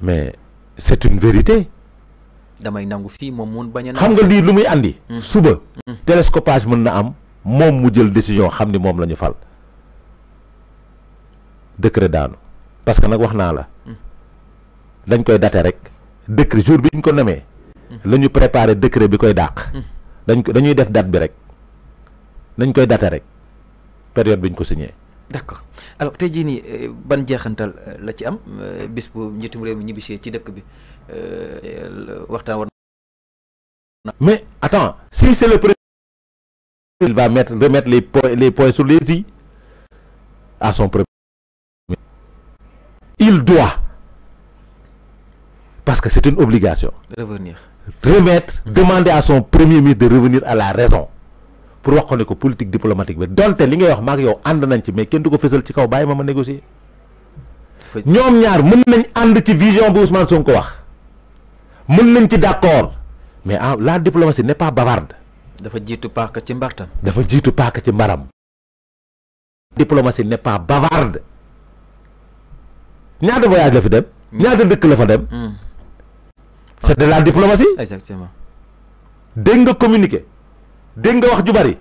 mais c'est une vérité. damay xam mm. Mm. télescopage mën am décision xamni ni fal. décret parce que nak wax na la. Mm. dañ koy daté rek décret jour bi ko préparer décret bi koy date bi période ko D'accord. alors tey eh, ban jeexantal eh, la ci am eh, bis bu njiitum réew mi ñibbisee ci mais attends si c'est le président il va mettre remettre les points les points sur les i à son premier. il doit parce que c'est une obligation. revenir remettre demander à son premier ministre de revenir à la raison. pour wax ko ne ko politique diplomatique bi donte li ngay wax maak yow ànd nañ ci mais kenn du ko fësal ci kaw bàyyi ma ma négocier. ñoom ñaar mën nañ ànd ci vision bi Ousmane ko wax mën nañ ci d'accord mais ah la diplomatie n'est pas dafa jiitu paaka ci mbartam. dafa jiitu paaka ci mbaram. diplomatie n'est pas bavarde. ñaata voyage la fi dem. Hmm. ñaata dëkk la fa dem. Hmm. c'est de la diplomatie. exactement. dégg nga communiquer. Deng wax ju bari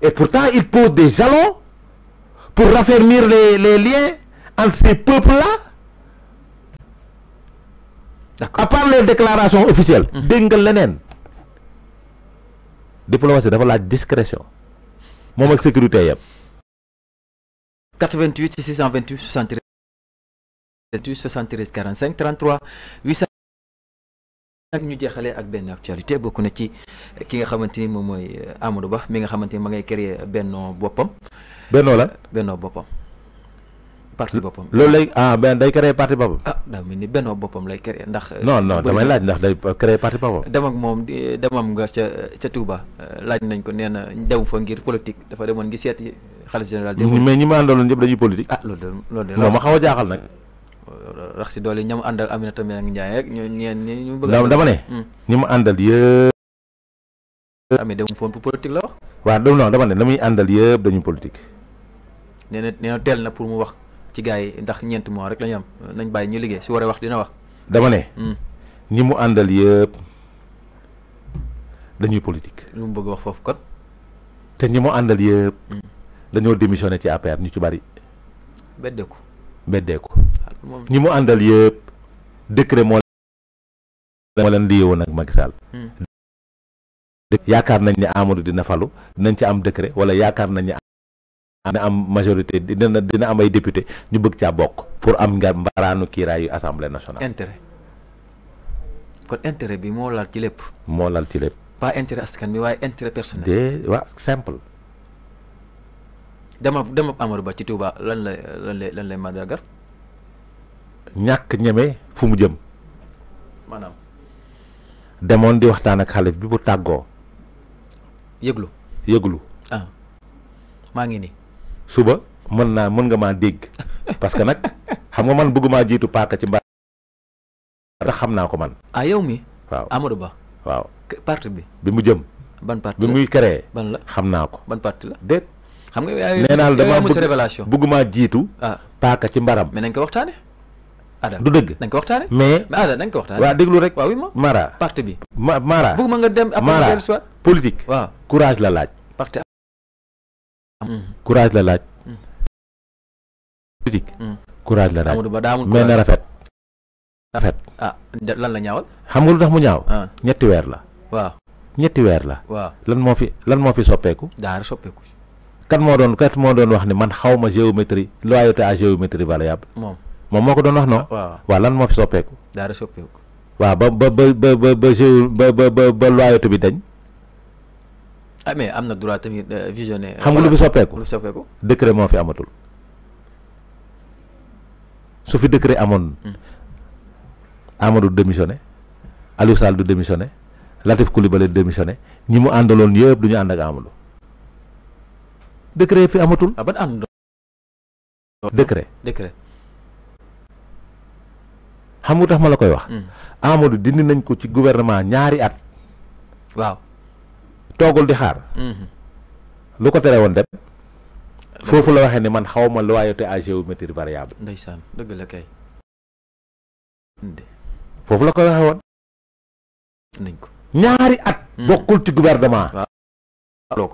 et pourtant il pose des jalons pour raffermir les les liens entre ces peuples là. à part les déclarations officielles. Mm-hmm. deng Lenen. diplomatie dafa la discrétion mom ak sécurité yëpp. 88 628 73 73 45 33 800. ak ñu jeexalee ak benn actualité bokk na ci ki nga xamante ni moom mooy euh, Amadou Ba mi nga xamante ni ma ngay créer bennoo boppam. bennoo la euh, bennoo boppam. parti boppam loolu lay ah benn day créer parti boppam. ah daa mel ni bennoo boppam lay créer ndax. Euh, non non damay laaj ndax day créer parti boppam. dem ak moom demam nga ca ca Touba laaj nañ ko nee na dem fa ngir politique dafa demoon ngi seeti xalif général. mais ñi ma àndaloon ñëpp dañuy politique. ah loolu xaw a jaaxal nag. rax si doole ñam àndal Aminata Mbengue Ndiaye ak ñoom ñeen ñi ñu dama ne. Hmm. ñi mu àndal yëpp. amee dem fóon pour politique la dama ne la muy àndal yëpp dañuy politique. nee na teel na pour mu wax ci gars yi ndax ñeenti mois rek la am nañ bàyyi ñu liggéey su waree wax dina wax. dama ne. Hmm. ñi mu àndal yëpp dañuy politik lu mu bëgg wax foofu kon. te ñi mu àndal yëpp. Hmm. dañoo démissionné ci APR ñu ci bari. beddeeku beddeeku. ñi mu àndal yëpp décret moo moo leen lii woon ak Macky Sall hmm. yaakaar nañ ne Amadou dina falu dinañ ci am décret wala yaakaar nañ ne dina am majorité dina dina am ay député ñu bëgg caa bokk pour am nga mbaraanu kiiraayu assemblée nationale. intérêt kon intérêt bi moo lal ci lépp. moo lal ci lépp. pas intérêt askan bi waaye intérêt personnel. de waaw simple. dama dama Ba ci tuuba lan lay lan lay lan lay màndargal ñàkk ñeme fu mu jëm maanaam demoon di waxtaan ak xalif bi bu tàggoo yëglu yëglu ah. maa ngi ni suba mën naa mën nga maa dégg parce que nag xam nga man bëggumaa jiitu paaka ci mbaar xam naa ko man ah yow mi waaw Amadou Ba waaw parti bi bi mu jëm ban parti bi muy créé ban la xam naa ko ban parti la xam nga nee naa la dama bëgg bëggumaa jiitu ah. paaka ci mbaram mais nañ ko waxtaane Adam du dëgg nañ ko waxtaane mais mais ah, Adam nañ ko waxtaane waaw déglu rek waaw Mara parti bi Mara bëgg ma nga dem après soit politique waaw courage la laaj parti mm. courage la laaj mm. politique mm. courage la laaj mais na rafet rafet ah, ah lan la ñaawal xam nga lu tax mu ñaaw ah. ñetti weer la waaw ñetti weer la waaw lan moo fi lan fi kan moo doon kat moo doon wax ne man xaw géométrie loyauté à géométrie variable moom moo ko doon wax non. waaw lan moo fi soppeeku. daara soppeeku. waaw ba ba ba ba ba ba ba ba loyauté bi dañ. am na droit tamit visionnaire. xam nga lu fi soppeeku lu fi moo fi amatul su fi décret amoon. Amadou démissionné Aliou Sall du démissionné Latif Coulibaly démissionné ñi mu àndaloon yëpp du ñu ànd ak Amadou. décret fi amatul. ah ban ànd. xam nga tax ma la koy wax. Hmm. Amadou dindi nañ ko ci gouvernement ñaari at. waaw di xaar. Hmm. ko tere woon dem. la waxee ne man xaw ma loyauté à géométrie variable. ndeysaan la ko waxee nañ ko ñaari at. Hmm. bokkul ci gouvernement. waaw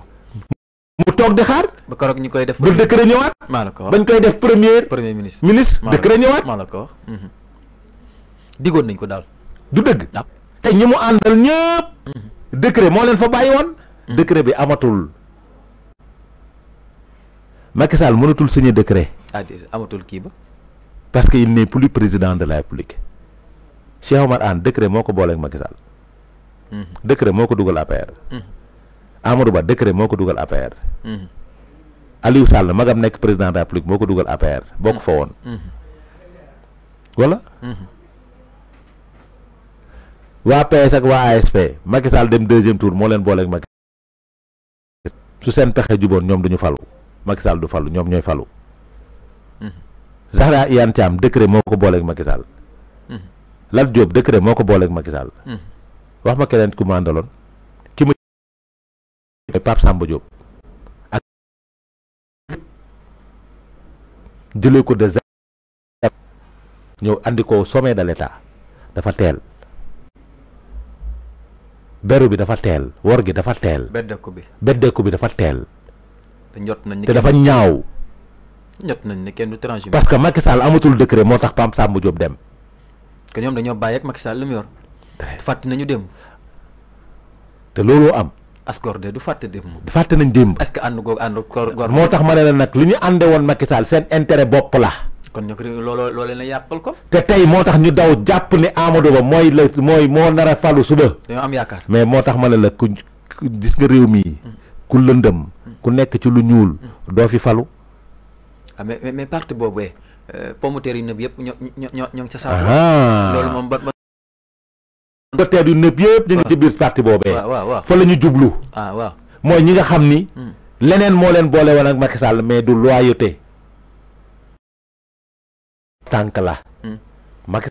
mu toog di xaar. ba keroog ñu koy def. ba décret ñëwaat. maa bañ koy def premier. premier ministre ministre décret maa ko digoon nañ ko daal. du dëgg. te ñi mu àndal ñëpp. Mm-hmm. décret moo leen fa bàyyi woon. Mm-hmm. décret bi amatul. Macky mënatul signer décret. Ah, amatul kii ba. parce que il n'est plus président de la république. Cheikh Omar Anne décret moo ko booleeg Macky Sall. Mm-hmm. moo ko dugal APR. Amadou Ba décret moo ko dugal APR. Aliou Sall magam nekk président de la république moo ko dugal boo ko fa woon. wala. waa PS ak waa ASP Macky Sall dem deuxième tour moo leen booleeg Macky su seen pexe juboon ñoom duñu falu Macky du falu ñoom ñooy falu mm-hmm. Zahra Iyane Thiam décret moo ko booleeg Macky mm-hmm. moo ko booleeg Macky Sall mm-hmm. wax ma keneen ku ma ki ma Pape Samba Diop ak jëlee ko de ñëw andi ko sommet dafa teel beru bi dafa tel wor gi dafa teel. beddeku bi beddeku bi dafa tel te ñot nañ ni te dafa ñaaw. ñot nañ ni kenn du transhumé. parce que Macky Sall amatul décret motax pam Pape Samba Diop dem. que ñom dañu baye ak Macky Sall lu mu yor. fàtt nañu dem. te looloo am. askor de du fàtte démb. fatte nañ dem est-ce que and googu and moo motax ma leen nak li ñi ànde won Macky Sall seen intérêt bop la. kon ñu ko looloo loolee ko. te tey moo tax ñu daw jàpp ne Amadou Ba mooy la mooy moo nar a fàllu suba. dañoo am yaakaar mais moo tax ma ne la ku gis nga réew mii. Mm. ku lëndëm. Mm. ku nekk ci lu ñuul. Mm. doo fi falu. ah mais mais parti boobee euh, pommeteer yu nëb yëpp ñoo ah. loolu moom ba ba. pommeteer yu nëb yëpp ñu ngi ci ah. biir parti boobee. waaw waaw ñu jublu. ah mooy ñi nga xam ni. leneen moo leen boole woon ak Macky Sall mais du loyauté. tànk la hmm. Macky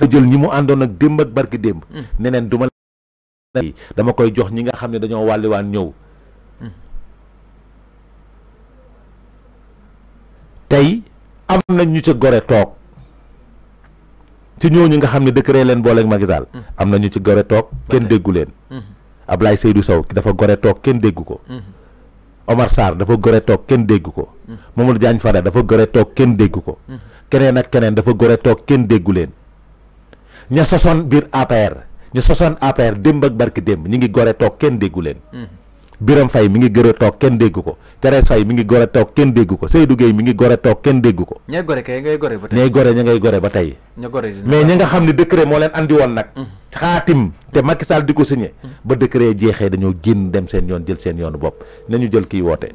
Sall jël ñi mu àndoon ak démb ak barki démb hmm. neneen duma dama koy jox ñi nga xam ne dañoo wàlliwaan ñëw hmm. tey am nañ ñu ci gore toog ci ñu nga xam ne décret leen booleeg Macky Sall am na ñu ci gore toog kenn déggu leen Ablaye Seydou Sow dafa gore toog kenn déggu ko Omar Sarr dafa gore toog kenn dégg ko mm. Mamadou Diagne Fada dafa gore toog kenn dégg ko mm. keneen ak keneen dafa gore toog kenn déggu leen ña sosoon biir APR ña sosoon APR démb ak barki démb ñu ngi gore toog kenn déggu leen mm. Biram Fay mi ngi gër kenn dégg ko Thérèse Fay mi ngi gor a toog kenn dégg ko Seydou Gueye mi ngi gor a toog kenn dégg ko ñay gore kay ngay gore ba tey ñay mais ñi nga xam ne décret moo leen andi woon nag mm. xaatim te mm. Macky Sall di ko signé mm. ba décret jeexee dañoo génn dem seen yoon jël seen yoonu bopp ñu jël kiy woote